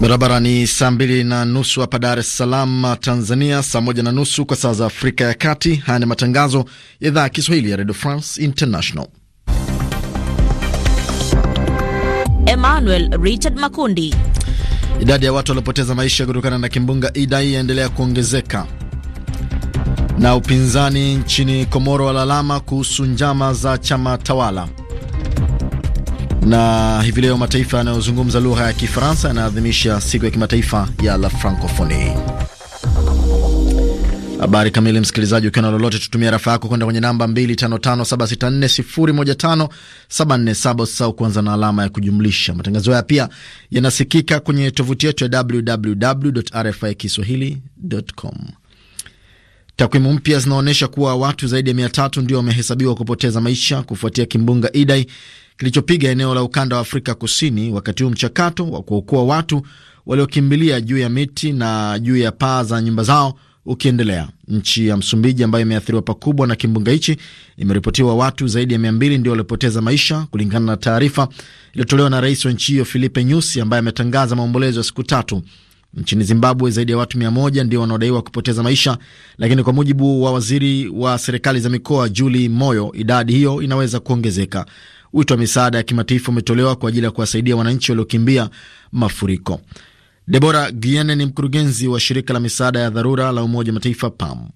Barabara ni saa mbili na nusu hapa Dar es Salaam, Tanzania, saa moja na nusu kwa saa za Afrika ya Kati. Haya ni matangazo ya idhaa ya Kiswahili ya Redio France International. Emmanuel Richard Makundi. Idadi ya watu waliopoteza maisha kutokana na kimbunga Idai yaendelea kuongezeka, na upinzani nchini Komoro walalama kuhusu njama za chama tawala. Na hivi leo mataifa yanayozungumza lugha ya Kifaransa yanaadhimisha siku ya kimataifa ya la Francophonie. Habari kamili, msikilizaji, ukiwa na lolote, tutumia rafa yako kwenda kwenye namba 255764015747 kuanza na alama ya kujumlisha. Matangazo haya pia yanasikika kwenye tovuti yetu ya rfi kiswahilicom Takwimu mpya zinaonyesha kuwa watu zaidi ya mia tatu ndio wamehesabiwa kupoteza maisha kufuatia kimbunga Idai kilichopiga eneo la ukanda wa Afrika Kusini, wakati huu mchakato wa kuokoa watu waliokimbilia juu ya miti na juu ya paa za nyumba zao ukiendelea. Nchi ya Msumbiji ambayo imeathiriwa pakubwa na kimbunga hichi, imeripotiwa watu zaidi ya mia mbili ndio waliopoteza maisha, kulingana na taarifa iliyotolewa na rais wa nchi hiyo Filipe Nyusi ambaye ametangaza maombolezo ya siku tatu Nchini Zimbabwe zaidi ya watu mia moja ndio wanaodaiwa kupoteza maisha, lakini kwa mujibu wa waziri wa serikali za mikoa juli Moyo, idadi hiyo inaweza kuongezeka. Wito wa misaada ya kimataifa umetolewa kwa ajili ya kuwasaidia wananchi waliokimbia mafuriko. Debora Guiene ni mkurugenzi wa shirika la misaada ya dharura la Umoja Mataifa PAM.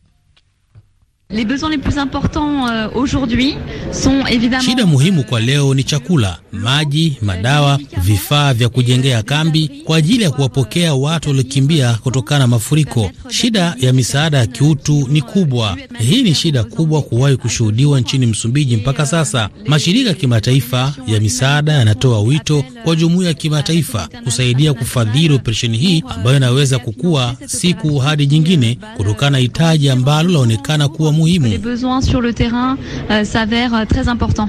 Les besoins les plus importants euh, aujourd'hui sont évidemment... Shida muhimu kwa leo ni chakula, maji, madawa, vifaa vya kujengea kambi kwa ajili ya kuwapokea watu waliokimbia kutokana na mafuriko. Shida ya misaada ya kiutu ni kubwa. Hii ni shida kubwa kuwahi kushuhudiwa nchini Msumbiji mpaka sasa. Mashirika ya kimataifa ya misaada yanatoa wito kwa jumuiya ya kimataifa kusaidia kufadhili operesheni hii ambayo inaweza kukua siku hadi nyingine kutokana na hitaji ambalo laonekana kuwa muhimu. Les besoins sur le terrain uh, s'avèrent euh, très importants.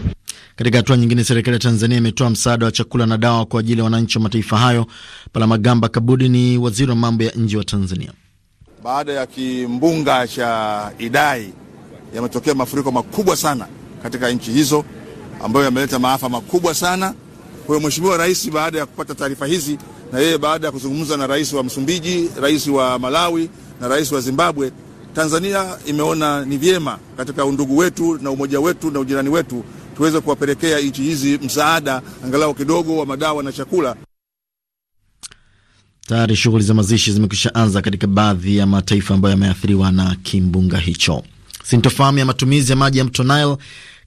Katika hatua nyingine, serikali ya Tanzania imetoa msaada wa chakula na dawa kwa ajili ya wananchi wa mataifa hayo. Palamagamba Kabudi ni waziri wa mambo ya nje wa Tanzania. Baada ya kimbunga cha Idai yametokea mafuriko makubwa sana katika nchi hizo ambayo yameleta maafa makubwa sana. Kwa hiyo Mheshimiwa Rais baada ya kupata taarifa hizi, na yeye baada ya kuzungumza na rais wa Msumbiji, rais wa Malawi na rais wa Zimbabwe, Tanzania imeona ni vyema katika undugu wetu na umoja wetu na ujirani wetu tuweze kuwapelekea nchi hizi msaada angalau kidogo wa madawa na chakula. Tayari shughuli za mazishi zimekwisha anza katika baadhi ya mataifa ambayo yameathiriwa na kimbunga hicho. Sintofahamu ya matumizi ya maji ya mto Nile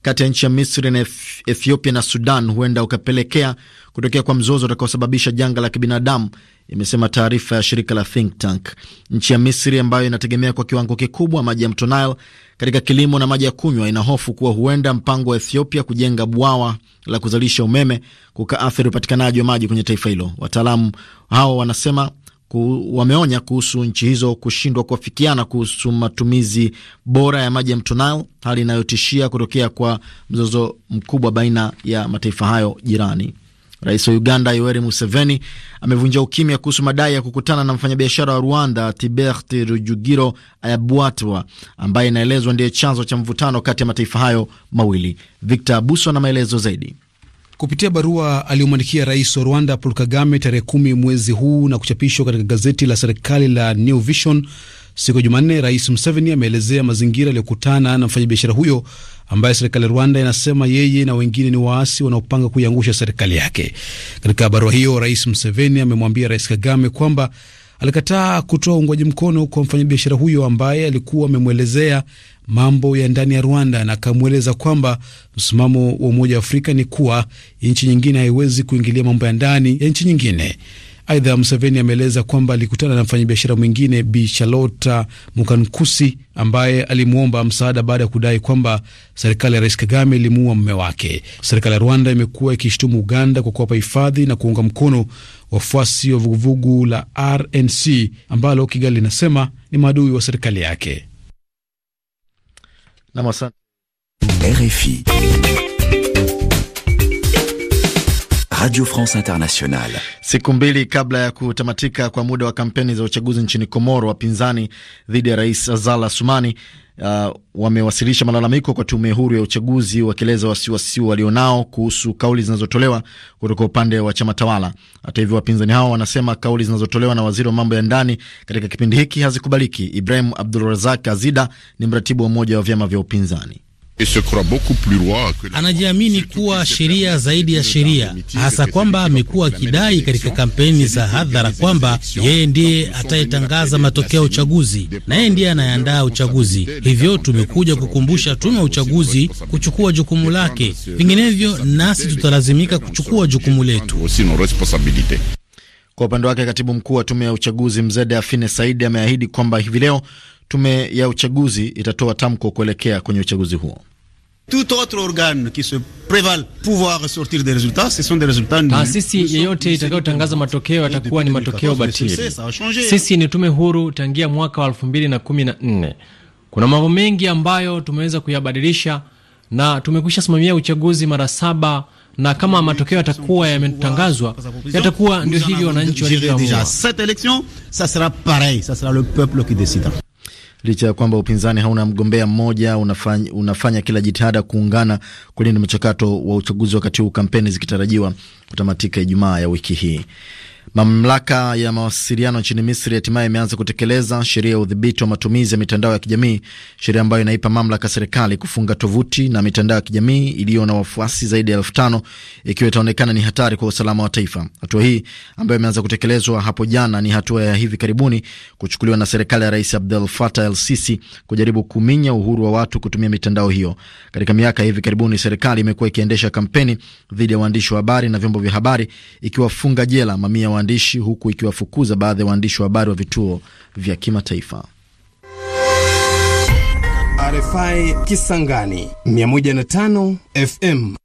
kati ya nchi ya Misri na Ethiopia na Sudan huenda ukapelekea kutokea kwa mzozo utakaosababisha janga la kibinadamu, imesema taarifa ya shirika la think tank. Nchi ya Misri ambayo inategemea kwa kiwango kikubwa maji ya mto Nile katika kilimo na maji ya kunywa, inahofu kuwa huenda mpango wa Ethiopia kujenga bwawa la kuzalisha umeme kukaathiri upatikanaji wa maji kwenye taifa hilo. Wataalamu hao wanasema ku, wameonya kuhusu nchi hizo kushindwa kuafikiana kuhusu matumizi bora ya maji ya mto Nile, hali inayotishia kutokea kwa mzozo mkubwa baina ya mataifa hayo jirani. Rais wa Uganda Yoweri Museveni amevunja ukimya kuhusu madai ya kukutana na mfanyabiashara wa Rwanda Tibert Rujugiro Ayabwatwa ambaye inaelezwa ndiye chanzo cha mvutano kati ya mataifa hayo mawili. Victor Abuso na maelezo zaidi. Kupitia barua aliyomwandikia rais wa Rwanda Paul Kagame tarehe kumi mwezi huu na kuchapishwa katika gazeti la serikali la New Vision siku ya Jumanne, Rais Museveni ameelezea mazingira aliyokutana na mfanyabiashara huyo ambaye serikali ya Rwanda inasema yeye na wengine ni waasi wanaopanga kuiangusha serikali yake. Katika barua hiyo, Rais Museveni amemwambia Rais Kagame kwamba alikataa kutoa uungwaji mkono kwa mfanyabiashara huyo ambaye alikuwa amemwelezea mambo ya ndani ya Rwanda na akamweleza kwamba msimamo wa Umoja wa Afrika ni kuwa nchi nyingine haiwezi kuingilia mambo ya ndani ya nchi nyingine. Aidha, Museveni ameeleza kwamba alikutana na mfanyabiashara mwingine Bi Charlotta Mukankusi ambaye alimwomba msaada baada ya kudai kwamba serikali ya Rais Kagame ilimuua mume wake. Serikali ya Rwanda imekuwa ikishutumu Uganda kwa kuwapa hifadhi na kuunga mkono wafuasi wa vuguvugu la RNC ambalo Kigali linasema ni maadui wa serikali yake na masante. RFI Radio France Internationale. Siku mbili kabla ya kutamatika kwa muda wa kampeni za uchaguzi nchini Komoro, wapinzani dhidi ya Rais azala sumani uh, wamewasilisha malalamiko kwa tume huru ya uchaguzi wakieleza wasiwasi walionao kuhusu kauli zinazotolewa kutoka upande wa chama tawala. Hata hivyo, wapinzani hao wanasema kauli zinazotolewa na waziri wa mambo ya ndani katika kipindi hiki hazikubaliki. Ibrahim Abdulrazak Azida ni mratibu wa umoja wa vyama vya upinzani. Anajiamini kuwa sheria zaidi ya sheria, hasa kwamba amekuwa akidai katika kampeni za hadhara kwamba yeye ndiye atayetangaza matokeo ya uchaguzi na yeye ndiye anayeandaa uchaguzi. Hivyo tumekuja kukumbusha tume ya uchaguzi kuchukua jukumu lake, vinginevyo nasi tutalazimika kuchukua jukumu letu. Kwa upande wake, katibu mkuu wa tume ya uchaguzi Mzede Afine Saidi ameahidi kwamba hivi leo tume ya uchaguzi itatoa tamko kuelekea kwenye uchaguzi huo. Taasisi yeyote itakayotangaza matokeo yatakuwa ni matokeo batili. Sisi ni tume huru tangia mwaka wa elfu Kuna mambo mengi ambayo tumeweza kuyabadilisha na tumekwisha simamia uchaguzi mara saba, na kama matokeo yatakuwa yametangazwa yatakuwa ndio hivyo wananchi walivyoamua licha ya kwamba upinzani hauna mgombea mmoja unafanya, unafanya kila jitihada kuungana kulinda mchakato wa uchaguzi, wakati huu kampeni zikitarajiwa kutamatika Ijumaa ya wiki hii. Mamlaka ya mawasiliano nchini Misri hatimaye imeanza kutekeleza sheria ya udhibiti wa matumizi ya mitandao ya kijamii, sheria ambayo inaipa mamlaka serikali kufunga tovuti na mitandao ya kijamii iliyo na wafuasi zaidi ya elfu tano ikiwa itaonekana ni hatari kwa usalama wa taifa. Hatua hii ambayo imeanza kutekelezwa hapo jana ni hatua ya hivi karibuni kuchukuliwa na serikali ya Rais Abdel Fattah El Sisi kujaribu kuminya uhuru wa watu kutumia mitandao hiyo. Katika miaka hivi karibuni, serikali imekuwa ikiendesha kampeni dhidi ya waandishi wa habari na vyombo vya habari, ikiwafunga jela mamia waandishi huku ikiwafukuza baadhi ya waandishi wa habari wa vituo vya kimataifa. RFI Kisangani 105 FM.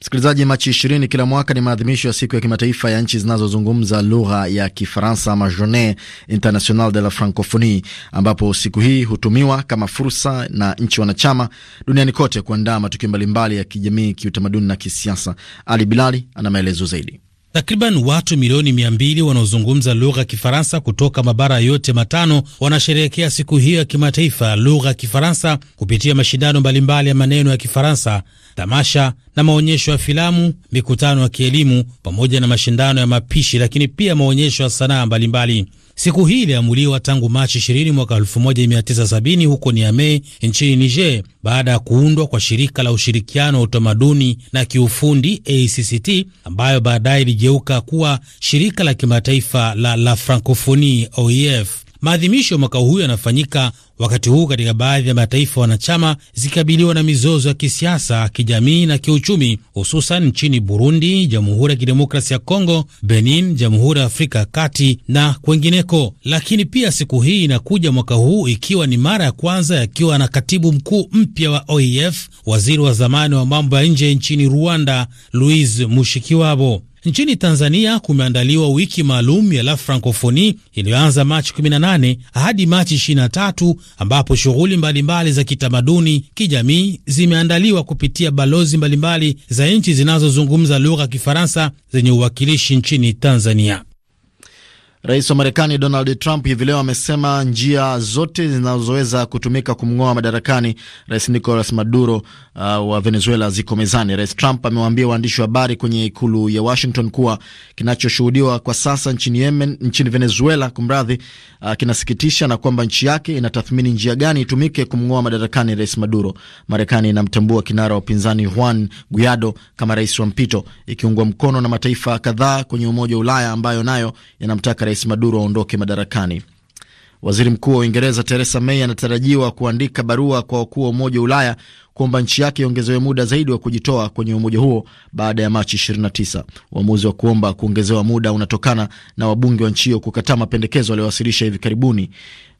Msikilizaji, Machi 20 kila mwaka ni maadhimisho ya siku ya kimataifa ya nchi zinazozungumza lugha ya Kifaransa ama Journee Internationale de la Francophonie, ambapo siku hii hutumiwa kama fursa na nchi wanachama duniani kote kuandaa matukio mbalimbali ya kijamii, kiutamaduni na kisiasa. Ali Bilali ana maelezo zaidi. Takriban watu milioni mia mbili wanaozungumza lugha ya Kifaransa kutoka mabara yote matano wanasherehekea siku hiyo ya kimataifa ya lugha ya Kifaransa kupitia mashindano mbalimbali ya maneno ya Kifaransa, tamasha na maonyesho ya filamu, mikutano ya kielimu, pamoja na mashindano ya mapishi, lakini pia maonyesho ya sanaa mbalimbali. Siku hii iliamuliwa tangu Machi 20 mwaka 1970 huko Niamey nchini Niger, baada ya kuundwa kwa shirika la ushirikiano wa utamaduni na kiufundi ACCT, ambayo baadaye iligeuka kuwa shirika la kimataifa la la Francophonie OIF. E Maadhimisho ya mwaka huu yanafanyika wakati huu katika baadhi ya mataifa wanachama zikikabiliwa na mizozo ya kisiasa, kijamii na kiuchumi, hususan nchini Burundi, Jamhuri ya kidemokrasi ya Kongo, Benin, Jamhuri ya Afrika ya Kati na kwengineko. Lakini pia siku hii inakuja mwaka huu ikiwa ni mara ya kwanza yakiwa na katibu mkuu mpya wa OIF, e waziri wa zamani wa mambo ya nje nchini Rwanda Louise Mushikiwabo. Nchini Tanzania kumeandaliwa wiki maalum ya La Francophonie iliyoanza Machi 18 hadi Machi 23, ambapo shughuli mbalimbali za kitamaduni, kijamii zimeandaliwa kupitia balozi mbalimbali za nchi zinazozungumza lugha ya Kifaransa zenye uwakilishi nchini Tanzania. Rais wa Marekani Donald Trump hivi leo amesema njia zote zinazoweza kutumika kumng'oa madarakani rais Nicolas Maduro uh, wa Venezuela ziko mezani. Rais Trump amewaambia waandishi wa habari kwenye ikulu ya Washington kuwa kinachoshuhudiwa kwa sasa nchini Yemen, nchini Venezuela kumradhi, uh, kinasikitisha na kwamba nchi yake inatathmini njia gani itumike kumng'oa madarakani rais Maduro. Marekani inamtambua kinara wa upinzani Juan Guaido kama rais wa mpito, ikiungwa mkono na mataifa kadhaa kwenye Umoja wa Ulaya ambayo nayo yanamtaka Rais Maduro aondoke madarakani. Waziri Mkuu wa Uingereza Theresa May anatarajiwa kuandika barua kwa wakuu wa Umoja wa Ulaya kuomba nchi yake iongezewe muda zaidi wa kujitoa kwenye umoja huo baada ya Machi 29. Uamuzi wa kuomba kuongezewa muda unatokana na wabunge wa nchi hiyo kukataa mapendekezo aliyowasilisha hivi karibuni.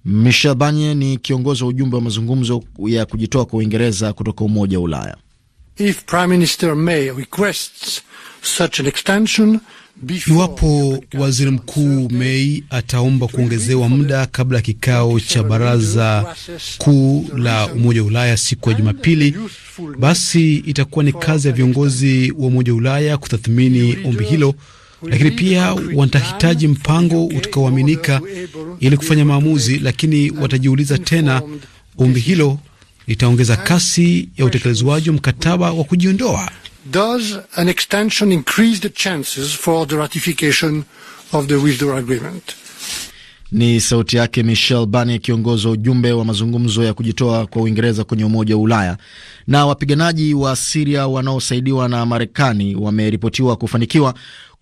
Michel Barnier ni kiongozi wa ujumbe wa mazungumzo ya kujitoa kwa Uingereza kutoka Umoja wa Ulaya. If Prime Minister May requests such an extension Iwapo waziri mkuu Mei ataomba kuongezewa muda kabla ya kikao cha baraza kuu la Umoja wa Ulaya siku ya Jumapili, basi itakuwa ni kazi ya viongozi wa Umoja wa Ulaya kutathmini ombi hilo, lakini pia watahitaji mpango utakaoaminika ili kufanya maamuzi. Lakini watajiuliza tena, ombi hilo litaongeza kasi ya utekelezwaji wa mkataba wa kujiondoa does an extension increase the chances for the ratification of the withdrawal agreement? Ni sauti yake Michel Barnier akiongoza ujumbe wa mazungumzo ya kujitoa kwa Uingereza kwenye Umoja wa Ulaya. Na wapiganaji wa Siria wanaosaidiwa na Marekani wameripotiwa kufanikiwa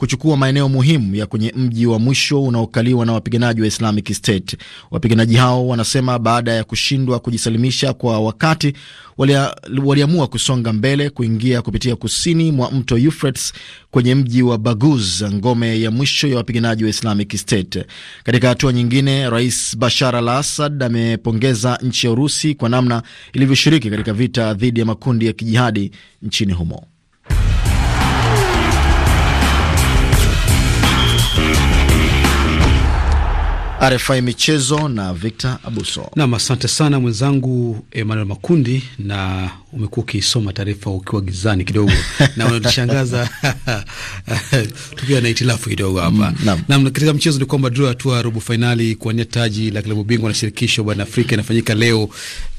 kuchukua maeneo muhimu ya kwenye mji wa mwisho unaokaliwa na wapiganaji wa Islamic State. Wapiganaji hao wanasema baada ya kushindwa kujisalimisha kwa wakati, waliamua kusonga mbele kuingia kupitia kusini mwa mto Euphrates kwenye mji wa Baguz, ngome ya mwisho ya wapiganaji wa Islamic State. Katika hatua nyingine, Rais Bashar al Assad amepongeza nchi ya Urusi kwa namna ilivyoshiriki katika vita dhidi ya makundi ya kijihadi nchini humo. RFI Michezo na Victor Abuso. Nam, asante sana mwenzangu Emmanuel Makundi, na umekuwa ukisoma taarifa ukiwa gizani kidogo na unatushangaza tukiwa na itilafu kidogo hapa mm. Nam, katika mchezo ni kwamba draw hatua robo fainali kuwania taji la klabu bingwa na shirikisho barani Afrika inafanyika leo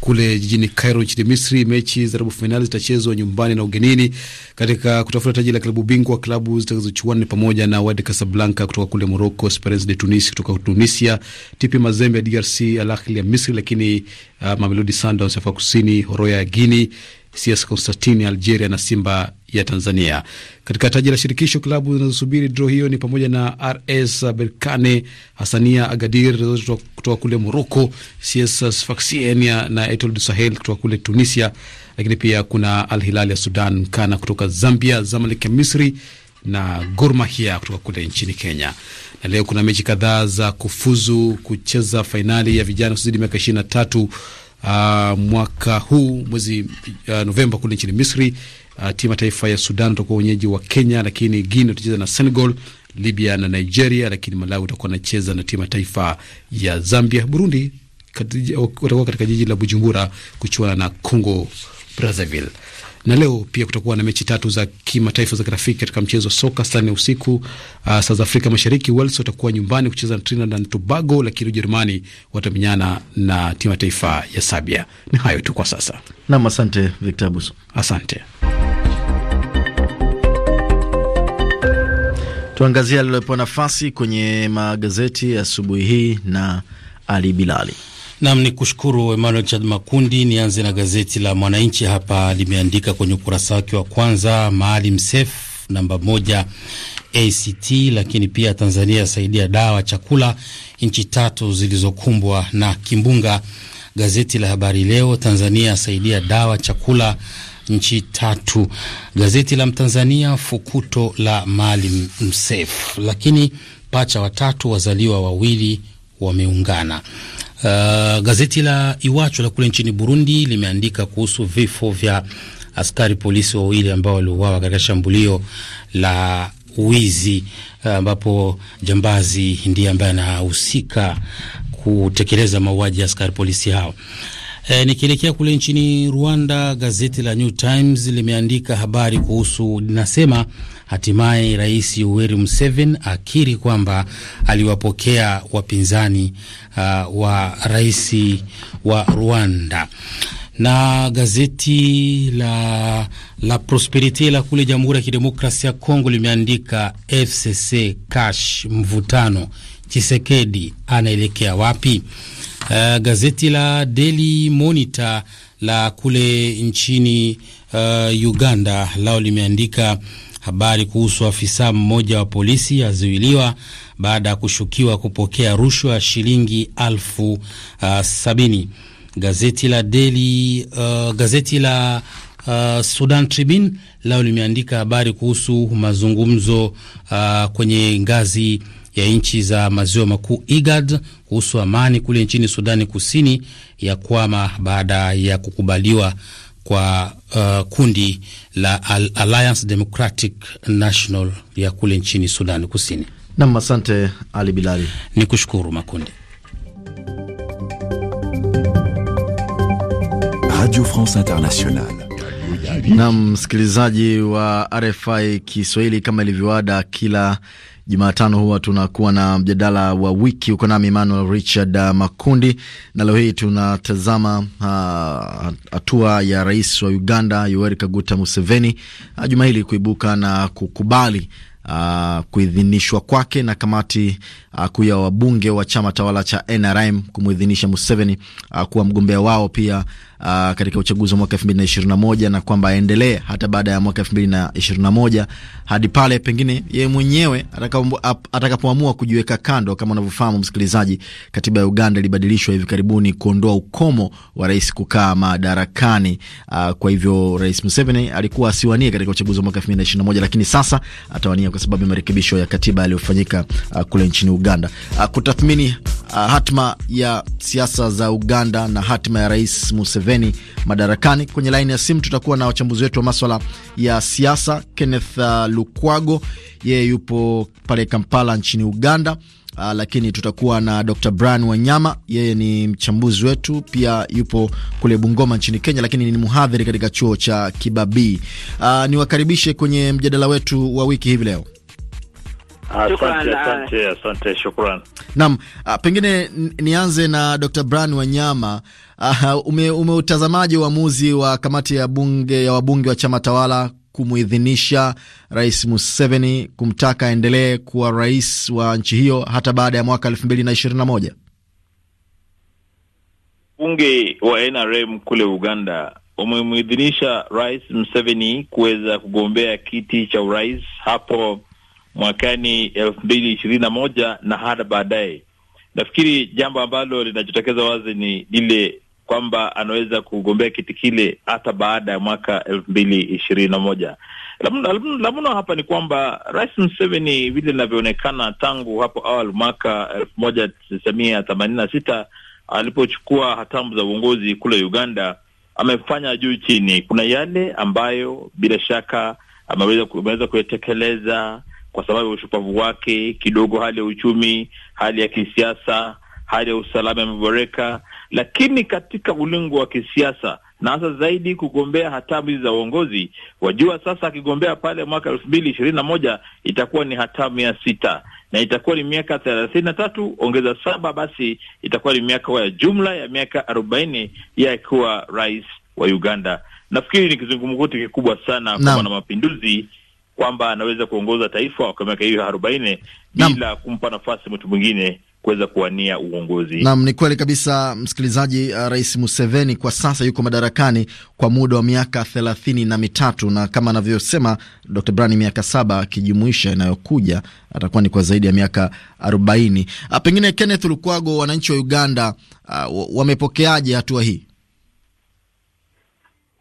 kule jijini Cairo nchini Misri. Mechi za robo fainali zitachezwa nyumbani na ugenini katika kutafuta taji la klabu bingwa. Klabu zitakazochuana ni pamoja na Wydad Casablanca kutoka kule Morocco, Esperance de Tunis kutoka Tunisia, TP Mazembe ya DRC, Al Ahly ya Misri, lakini uh, Mamelodi Sundowns ya Afrika Kusini, Horoya ya Guinea, CS Constantine ya Algeria na Simba ya Tanzania. Katika taji la shirikisho, klabu zinazosubiri draw hiyo ni pamoja na RS Berkane, Hasania Agadir kutoka kule Morocco, CS Sfaxien na Etoile du Sahel kutoka kule Tunisia, lakini pia kuna Al Hilal ya Sudan, Kana kutoka Zambia, Zamalek ya Misri na Gor Mahia kutoka kule nchini Kenya. Na leo kuna mechi kadhaa za kufuzu kucheza fainali ya vijana kuzidi miaka ishirini na tatu uh, mwaka huu mwezi uh, Novemba kule nchini Misri Uh, timu ya taifa ya Sudan utakuwa wenyeji wa Kenya, lakini Guinea utacheza na Senegal, Libya na Nigeria, lakini Malawi utakuwa anacheza na timu ya taifa ya Zambia. Burundi watakuwa katika jiji la Bujumbura kuchuana na Congo Brazzaville. Na leo pia kutakuwa na mechi tatu za kimataifa za kirafiki katika mchezo wa soka saa nne usiku uh, saa za Afrika Mashariki. Wales watakuwa nyumbani kucheza na Trinidad na Tobago, lakini Ujerumani watamenyana na timu ya taifa ya Sabia. Ni hayo tu kwa sasa nam, asante Victor Abuso, asante. tuangazia alilopewa nafasi kwenye magazeti asubuhi hii na Ali Bilali. Nam ni kushukuru Emmanuel Chad Makundi. Nianze na gazeti la Mwananchi, hapa limeandika kwenye ukurasa wake wa kwanza, Maalim Sef namba moja ACT, lakini pia Tanzania yasaidia dawa chakula nchi tatu zilizokumbwa na kimbunga. Gazeti la Habari Leo, Tanzania yasaidia dawa chakula nchi tatu. Gazeti la Mtanzania, fukuto la Maalim Msefu. Lakini pacha watatu, wazaliwa wawili wameungana. Uh, gazeti la Iwacho la kule nchini Burundi limeandika kuhusu vifo vya askari polisi wawili ambao waliuawa katika shambulio la wizi uh, ambapo jambazi ndiye ambaye anahusika kutekeleza mauaji ya askari polisi hao. E, nikielekea kule nchini Rwanda, gazeti la New Times limeandika habari kuhusu linasema, hatimaye Rais Yoweri Museveni akiri kwamba aliwapokea wapinzani uh, wa rais wa Rwanda na gazeti la la Prosperite la kule Jamhuri ya Kidemokrasia ya Kongo limeandika FCC cash mvutano, Chisekedi anaelekea wapi? Uh, gazeti la Daily Monitor la kule nchini uh, Uganda lao limeandika habari kuhusu afisa mmoja wa polisi azuiliwa baada ya kushukiwa kupokea rushwa ya shilingi elfu uh, sabini. Gazeti la Daily, uh, gazeti la Uh, Sudan Tribune lao limeandika habari kuhusu mazungumzo uh, kwenye ngazi ya nchi za maziwa makuu IGAD kuhusu amani kule nchini Sudani Kusini ya kwama baada ya kukubaliwa kwa uh, kundi la Al Alliance Democratic National ya kule nchini Sudani Kusini. Nam, asante Ali Bilali, ni kushukuru Makundi. Radio France Internationale. Nam msikilizaji wa RFI Kiswahili, kama ilivyoada kila Jumatano huwa tunakuwa na mjadala wa wiki huko, nami Emmanuel Richard uh, Makundi, na leo hii tunatazama uh, hatua ya rais wa Uganda Yoweri Kaguta Museveni uh, juma hili kuibuka na kukubali Uh, kuidhinishwa kwake na kamati uh, kuu ya wabunge wa chama tawala cha NRM kumuidhinisha Museveni uh, kuwa mgombea wao pia uh, katika uchaguzi wa mwaka 2021 na na kwamba aendelee hata baada ya mwaka 2021 hadi pale pengine yeye mwenyewe atakapoamua kujiweka kando. Kama unavyofahamu msikilizaji, katiba ya Uganda ilibadilishwa hivi karibuni kuondoa ukomo wa rais kukaa madarakani. Uh, kwa hivyo Rais Museveni alikuwa asiwanie katika uchaguzi wa mwaka 2021 lakini sasa atawania kwa sababu ya marekebisho ya katiba yaliyofanyika uh, kule nchini Uganda. Uh, kutathmini uh, hatma ya siasa za Uganda na hatima ya Rais Museveni Museveni madarakani. Kwenye laini ya simu tutakuwa na wachambuzi wetu wa maswala ya siasa, Kenneth uh, Lukwago, yeye yupo pale Kampala nchini Uganda. Uh, lakini tutakuwa na Dr. Brian Wanyama, yeye ni mchambuzi wetu, pia yupo kule Bungoma nchini Kenya, lakini ni mhadhiri katika chuo cha Kibabii. Uh, niwakaribishe kwenye mjadala wetu wa wiki hivi leo. Asante, shukran. Naam, ah, pengine nianze na Dr. Brian Wanyama. umeutazamaji ah, ume, uamuzi wa kamati ya bunge ya wabunge wa chama tawala kumuidhinisha Rais Museveni kumtaka aendelee kuwa rais wa nchi hiyo hata baada ya mwaka elfu mbili na ishirini na moja? Bunge wa NRM kule Uganda umemuidhinisha Rais Museveni kuweza kugombea kiti cha urais hapo mwakani elfu mbili ishirini na moja na hata baadaye. Nafikiri jambo ambalo linajitokeza wazi ni lile kwamba anaweza kugombea kiti kile hata baada ya mwaka elfu mbili ishirini na moja. La muno hapa ni kwamba Rais Museveni vile linavyoonekana, tangu hapo awali mwaka elfu moja tisa mia themanini na sita alipochukua hatamu za uongozi kule Uganda, amefanya juu chini. Kuna yale ambayo bila shaka ameweza kuyatekeleza kwa sababu ya ushupavu wake kidogo, hali ya uchumi, hali ya kisiasa, hali ya usalama imeboreka. Lakini katika ulingo wa kisiasa na hasa zaidi kugombea hatamu hizi za uongozi, wajua sasa akigombea pale mwaka elfu mbili ishirini na moja itakuwa ni hatamu ya sita na itakuwa ni miaka thelathini na tatu ongeza saba, basi itakuwa ni miaka ya jumla ya miaka arobaini ya akiwa rais wa Uganda. Nafikiri ni kizungumkuti kikubwa sana kwa na mapinduzi kwamba anaweza kuongoza taifa kwa miaka hiyo arobaini bila kumpa nafasi mtu mwingine kuweza kuwania uongozi. Naam, ni kweli kabisa msikilizaji. Uh, Rais Museveni kwa sasa yuko madarakani kwa muda wa miaka thelathini na mitatu na kama anavyosema Dr. Brani, miaka saba akijumuisha inayokuja atakuwa ni kwa zaidi ya miaka arobaini. Uh, pengine Kenneth Lukwago, wananchi wa Uganda uh, wamepokeaje hatua hii?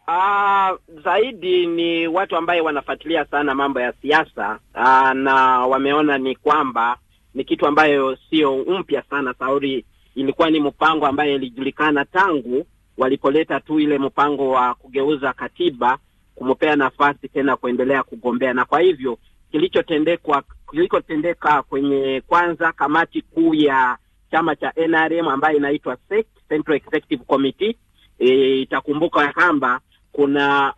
Aa, ah, zaidi ni watu ambaye wanafuatilia sana mambo ya siasa ah, na wameona ni kwamba ni kitu ambayo sio mpya sana. Sauri ilikuwa ni mpango ambaye ilijulikana tangu walipoleta tu ile mpango wa kugeuza katiba kumupea nafasi tena kuendelea kugombea, na kwa hivyo kilichotendeka kilichotendeka kwenye kwanza kamati kuu ya chama cha NRM ambayo inaitwa e Central Executive Committee, eh, itakumbuka kwamba kuna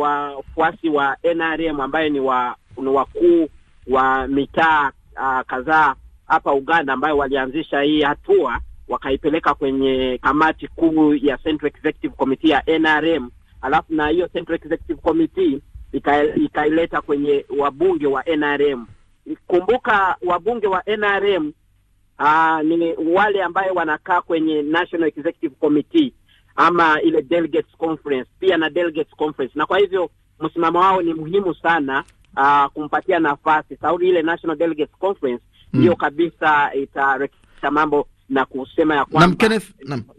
wafuasi wa, wa NRM ambaye ni wa ni wakuu wa mitaa uh, kadhaa hapa Uganda ambayo walianzisha hii hatua wakaipeleka kwenye kamati kuu ya Central Executive Committee ya NRM, alafu na hiyo Central Executive Committee ikaileta kwenye wabunge wa NRM. Kumbuka wabunge wa NRM uh, ah, ni wale ambaye wanakaa kwenye National Executive Committee ama ile delegates conference pia na delegates conference, na kwa hivyo msimamo wao ni muhimu sana uh, kumpatia nafasi saudi ile national delegates conference hmm. ndiyo mm. kabisa itarekebisha mambo na kusema ya kwamba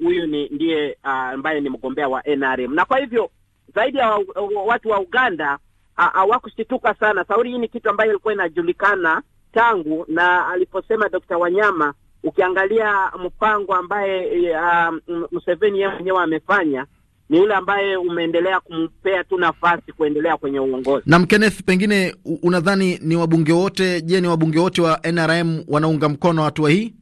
huyu ni ndiye ah, ambaye uh, ni mgombea wa NRM, na kwa hivyo zaidi ya wa, watu wa Uganda ah, hawakushituka sana. Sauri hii ni kitu ambayo ilikuwa inajulikana tangu, na aliposema Dr. Wanyama ukiangalia mpango ambaye uh, Museveni yeye mwenyewe amefanya ni ule ambaye umeendelea kumpea tu nafasi kuendelea kwenye uongozi. Na Kenneth, pengine unadhani ni wabunge wote, je, ni wabunge wote wa NRM wanaunga mkono hatua hii?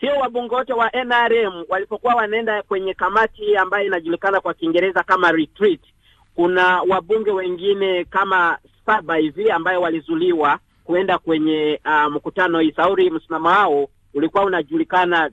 Sio wabunge wote wa NRM. Walipokuwa wanaenda kwenye kamati ambayo inajulikana kwa Kiingereza kama retreat, kuna wabunge wengine kama saba hivi ambayo walizuliwa kuenda kwenye uh, mkutano hii. Sauri msimama wao ulikuwa unajulikana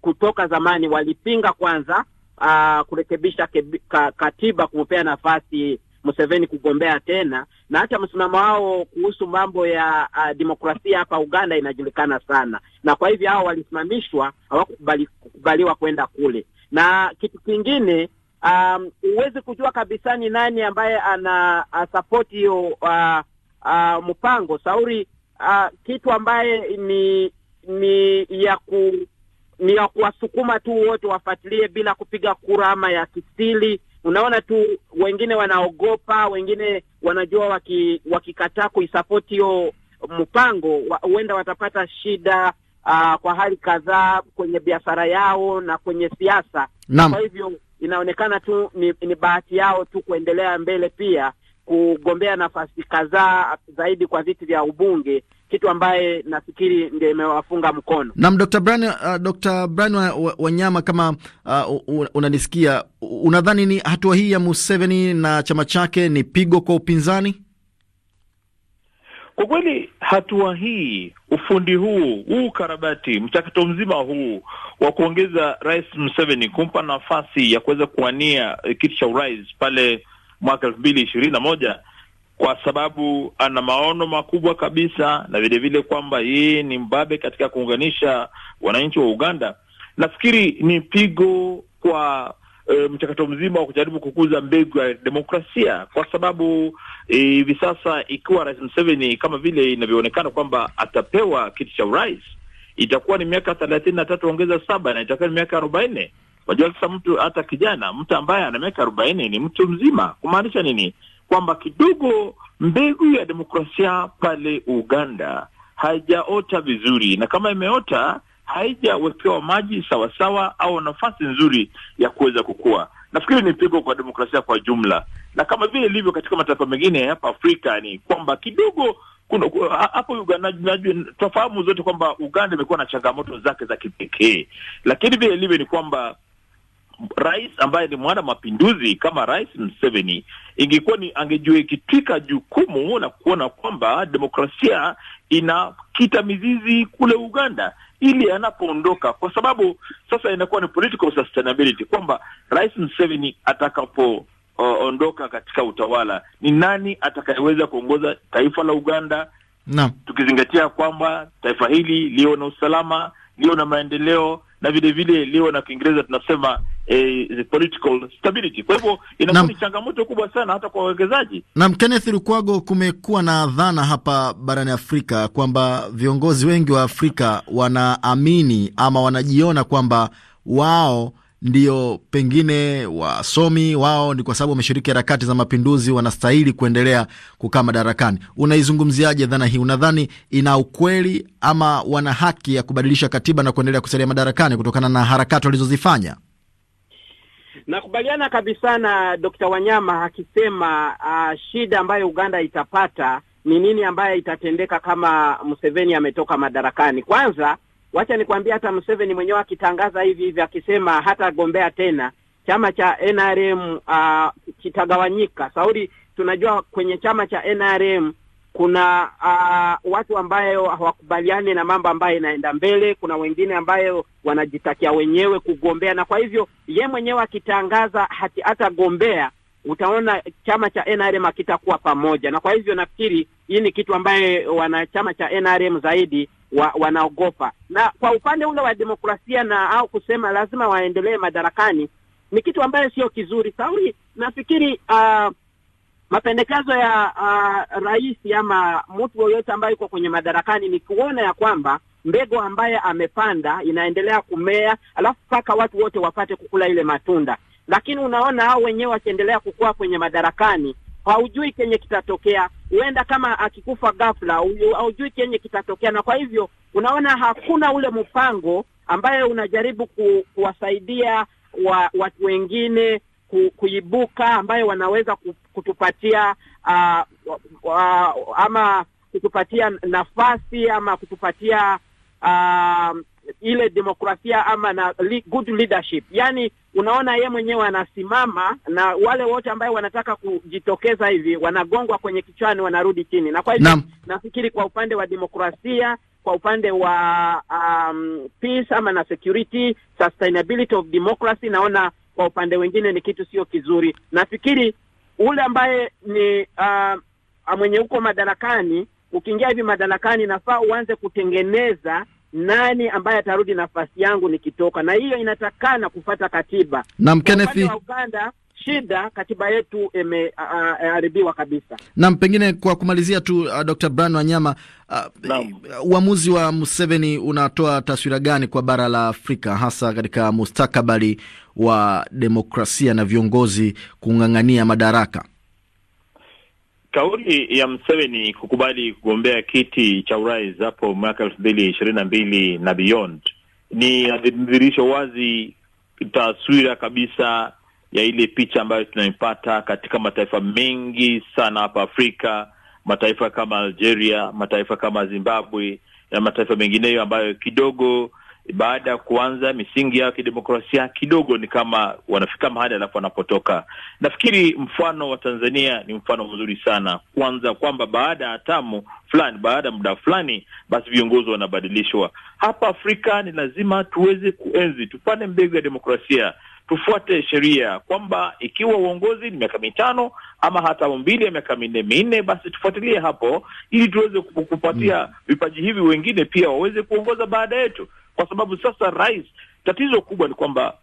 kutoka zamani, walipinga kwanza aa, ah, kurekebisha kebi, ka, katiba kumpea nafasi Museveni kugombea tena, na hata msimamo wao kuhusu mambo ya a, ah, demokrasia hapa Uganda inajulikana sana, na kwa hivyo hao walisimamishwa, hawakukubaliwa kwenda kule. Na kitu kingine um, huwezi kujua kabisa ni nani ambaye ana sapoti hiyo uh, uh, mpango sauri uh, kitu ambaye ni ni ya ku, ni ya kuwasukuma tu wote wafuatilie bila kupiga kura ama ya kisili. Unaona tu wengine wanaogopa, wengine wanajua waki, wakikataa kuisapoti hiyo mpango huenda wa, watapata shida uh, kwa hali kadhaa kwenye biashara yao na kwenye siasa. Kwa hivyo inaonekana tu ni, ni bahati yao tu kuendelea mbele pia kugombea nafasi kadhaa zaidi kwa viti vya ubunge kitu ambaye nafikiri ndio imewafunga mkono. Naam, Dr. Brian, uh, Dr. Brian Wanyama, kama uh, unanisikia, unadhani ni hatua hii ya Museveni na chama chake ni pigo kwa upinzani? Kwa kweli hatua hii, ufundi huu huu, ukarabati, mchakato mzima huu wa kuongeza Rais Museveni, kumpa nafasi ya kuweza kuwania eh, kiti cha urais pale mwaka elfu mbili ishirini na moja kwa sababu ana maono makubwa kabisa na vilevile kwamba yeye ni mbabe katika kuunganisha wananchi wa Uganda. Nafikiri ni pigo kwa e, mchakato mzima wa kujaribu kukuza mbegu ya demokrasia, kwa sababu eh, hivi e, sasa ikiwa Rais Museveni kama vile inavyoonekana kwamba atapewa kiti cha urais itakuwa ni miaka thelathini na tatu ongeza saba na itakuwa ni miaka arobaini. Unajua sasa, mtu hata kijana, mtu ambaye ana miaka arobaini ni mtu mzima, kumaanisha nini? kwamba kidogo mbegu ya demokrasia pale Uganda haijaota vizuri, na kama imeota haijawekewa maji sawasawa au nafasi nzuri ya kuweza kukua. Nafikiri ni pigo kwa demokrasia kwa jumla, na kama vile ilivyo katika mataifa mengine hapa Afrika ni kwamba kidogo hapo Uganda tunafahamu zote kwamba Uganda imekuwa na changamoto zake za kipekee, lakini vile ilivyo ni kwamba rais ambaye ni mwana mapinduzi kama Rais Mseveni ingekuwa ni ikitwika jukumu la kuona kwamba demokrasia inakita mizizi kule Uganda ili anapoondoka, kwa sababu sasa inakuwa ni political sustainability kwamba Rais Mseveni atakapo uh, ondoka katika utawala, ni nani atakayeweza kuongoza taifa la Uganda? na. tukizingatia kwamba taifa hili liwe na usalama, liwe na maendeleo na vilevile liwe na Kiingereza tunasema eh, political stability. Kwa hivyo inakuwa ni changamoto kubwa sana hata kwa wawekezaji. Naam, Kenneth Lukwago, kumekuwa na dhana hapa barani Afrika kwamba viongozi wengi wa Afrika wanaamini ama wanajiona kwamba wao ndio pengine wasomi wao ni kwa sababu wameshiriki harakati za mapinduzi wanastahili kuendelea kukaa madarakani. Unaizungumziaje dhana hii? Unadhani ina ukweli ama wana haki ya kubadilisha katiba na kuendelea kusalia madarakani kutokana na harakati walizozifanya? Nakubaliana kabisa na Dkt. Wanyama akisema uh, shida ambayo Uganda itapata ni nini ambayo itatendeka kama Museveni ametoka madarakani. Kwanza wacha nikwambia, hata Museveni mwenyewe akitangaza hivi hivi akisema hatagombea tena, chama cha NRM uh, ah, kitagawanyika. Sauri, tunajua kwenye chama cha NRM kuna uh, watu ambayo hawakubaliani na mambo ambayo inaenda mbele. Kuna wengine ambayo wanajitakia wenyewe kugombea, na kwa hivyo ye mwenyewe akitangaza hatagombea, utaona chama cha NRM akitakuwa pamoja. Na kwa hivyo nafikiri hii ni kitu ambaye wanachama cha NRM zaidi wa, wanaogopa. Na kwa upande ule wa demokrasia na au kusema lazima waendelee madarakani ni kitu ambayo sio kizuri. Sauri nafikiri uh, Mapendekezo ya uh, rais ama mtu yoyote ambaye yuko kwenye madarakani ni kuona ya kwamba mbegu ambaye amepanda inaendelea kumea, alafu mpaka watu wote wapate kukula ile matunda. Lakini unaona hao wenyewe wakiendelea kukua kwenye madarakani, haujui kenye kitatokea. Huenda kama akikufa ghafla, haujui kenye kitatokea, na kwa hivyo unaona hakuna ule mpango ambaye unajaribu ku, kuwasaidia wa, watu wengine ku, kuibuka ambayo wanaweza kutupatia uh, ama kutupatia nafasi ama kutupatia uh, ile demokrasia ama na good leadership. Yani, unaona ye mwenyewe anasimama na wale wote ambayo wanataka kujitokeza hivi wanagongwa kwenye kichwani, wanarudi chini. Na kwa hivyo nafikiri kwa upande wa demokrasia, kwa upande wa um, peace ama na security, sustainability of democracy, naona kwa upande wengine ni kitu sio kizuri. Nafikiri ule ambaye ni uh, mwenye uko madarakani, ukiingia hivi madarakani, nafaa uanze kutengeneza nani ambaye atarudi nafasi yangu nikitoka, na hiyo inatakana kufata katiba na Mkenethi... Uganda shida katiba yetu imeharibiwa kabisa. Naam, pengine kwa kumalizia tu uh, Dr. Brian Wanyama, uh, uh, uamuzi wa Museveni unatoa taswira gani kwa bara la Afrika hasa katika mustakabali wa demokrasia na viongozi kung'ang'ania madaraka? Kauli ya Museveni kukubali kugombea kiti cha urais hapo mwaka elfu mbili ishirini na mbili na beyond ni dhihirisho wazi taswira kabisa ya ile picha ambayo tunaipata katika mataifa mengi sana hapa Afrika, mataifa kama Algeria, mataifa kama Zimbabwe na mataifa mengineyo ambayo kidogo baada ya kuanza misingi yao kidemokrasia kidogo ni kama wanafika mahali alafu wanapotoka. Nafikiri mfano wa Tanzania ni mfano mzuri sana, kwanza kwamba baada ya tamu fulani, baada ya muda fulani, basi viongozi wanabadilishwa. Hapa Afrika ni lazima tuweze kuenzi, tupande mbegu ya demokrasia tufuate sheria kwamba ikiwa uongozi ni miaka mitano ama hata awamu mbili ya miaka minne minne, basi tufuatilie hapo, ili tuweze kupatia mm. vipaji hivi wengine pia waweze kuongoza baada yetu, kwa sababu sasa rais, tatizo kubwa ni kwamba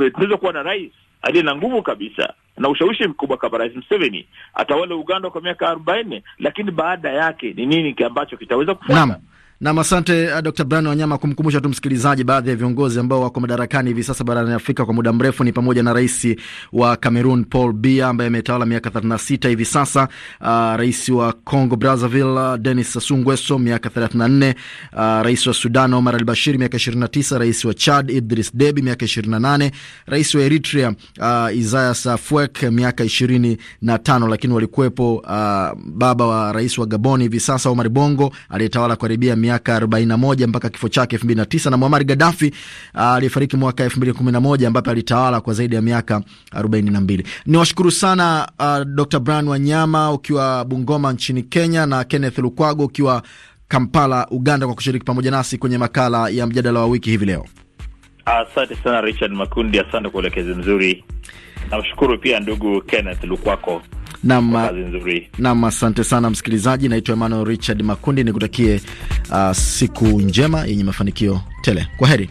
eh, tunaweza kuwa na rais aliye na nguvu kabisa na ushawishi mkubwa kama Rais Museveni atawala Uganda kwa miaka arobaini, lakini baada yake ni nini ambacho kitaweza kufanya? Nam, asante uh, Dr Brian Wanyama. Kumkumbusha tu msikilizaji, baadhi ya viongozi ambao wako madarakani hivi sasa barani Afrika kwa muda mrefu ni pamoja na rais wa Cameroon Paul Biya ambaye ametawala miaka 36 hivi sasa, uh, rais wa Congo Brazzaville uh, Denis Sassou Nguesso miaka 34, uh, rais wa Sudan Omar al Bashir miaka 29, rais wa Chad Idris Deby miaka 28, rais wa Eritrea uh, Isaias Afwerki miaka 25, lakini walikuwepo uh, baba wa rais wa Gabon hivi sasa Omar Bongo aliyetawala karibia miaka 41 mpaka kifo chake 2009 na Muammar Gaddafi ah, alifariki mwaka 2011 ambapo alitawala kwa zaidi ya miaka 42. Niwashukuru sana uh, ah, Dr. Brian Wanyama ukiwa Bungoma nchini Kenya na Kenneth Lukwago ukiwa Kampala, Uganda kwa kushiriki pamoja nasi kwenye makala ya mjadala wa wiki hivi leo. Asante sana Richard Makundi, asante kwa uelekezi mzuri. Namshukuru pia ndugu Kenneth Lukwako. Nam, asante sana msikilizaji. Naitwa Emmanuel Richard Makundi, nikutakie uh, siku njema yenye mafanikio tele. Kwa heri.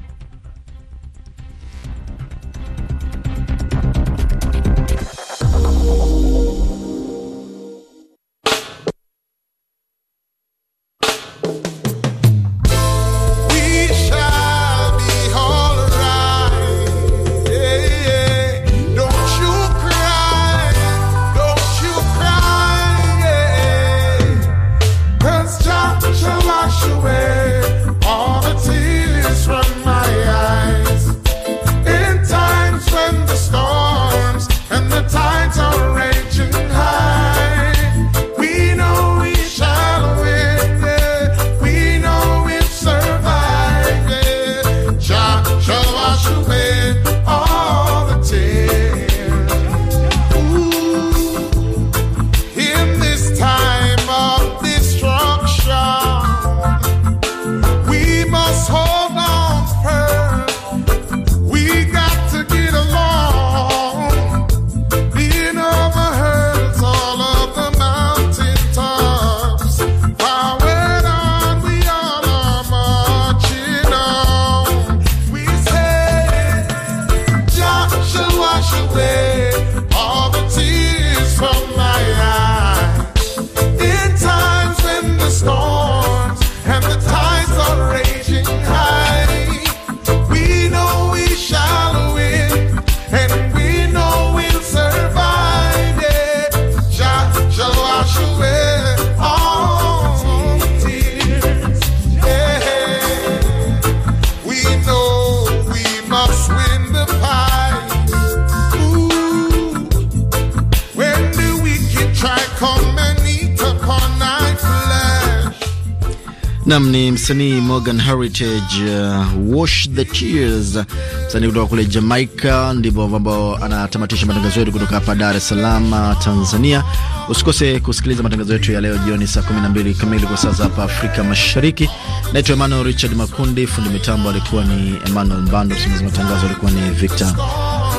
Nam ni msanii Morgan Heritage, uh, wash the tears, msanii kutoka kule Jamaica. Ndivyo ambao anatamatisha matangazo yetu kutoka hapa Dar es Salaam, Tanzania. Usikose kusikiliza matangazo yetu ya leo jioni saa 12 kamili kwa saa za hapa Afrika Mashariki. Naitwa Emmanuel Richard Makundi, fundi mitambo alikuwa ni Emmanuel Mbando, msimamizi matangazo alikuwa ni Victor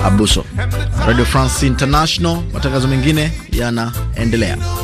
Abuso. Radio France International, matangazo mengine yanaendelea.